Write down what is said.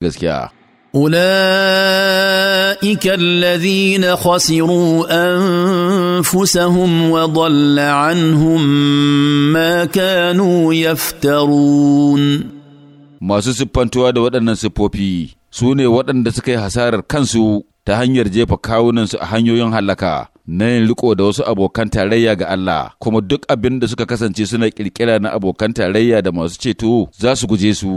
gaskiya أولئك الذين خسروا أنفسهم وضل عنهم ما كانوا يفترون masu siffantuwa da waɗannan siffofi su ne waɗanda suka yi hasarar kansu ta hanyar jefa kawunansu a hanyoyin hallaka na yin riko da wasu abokan tarayya ga Allah kuma duk abin da suka kasance suna ƙirƙira na abokan tarayya da masu ceto za su guje su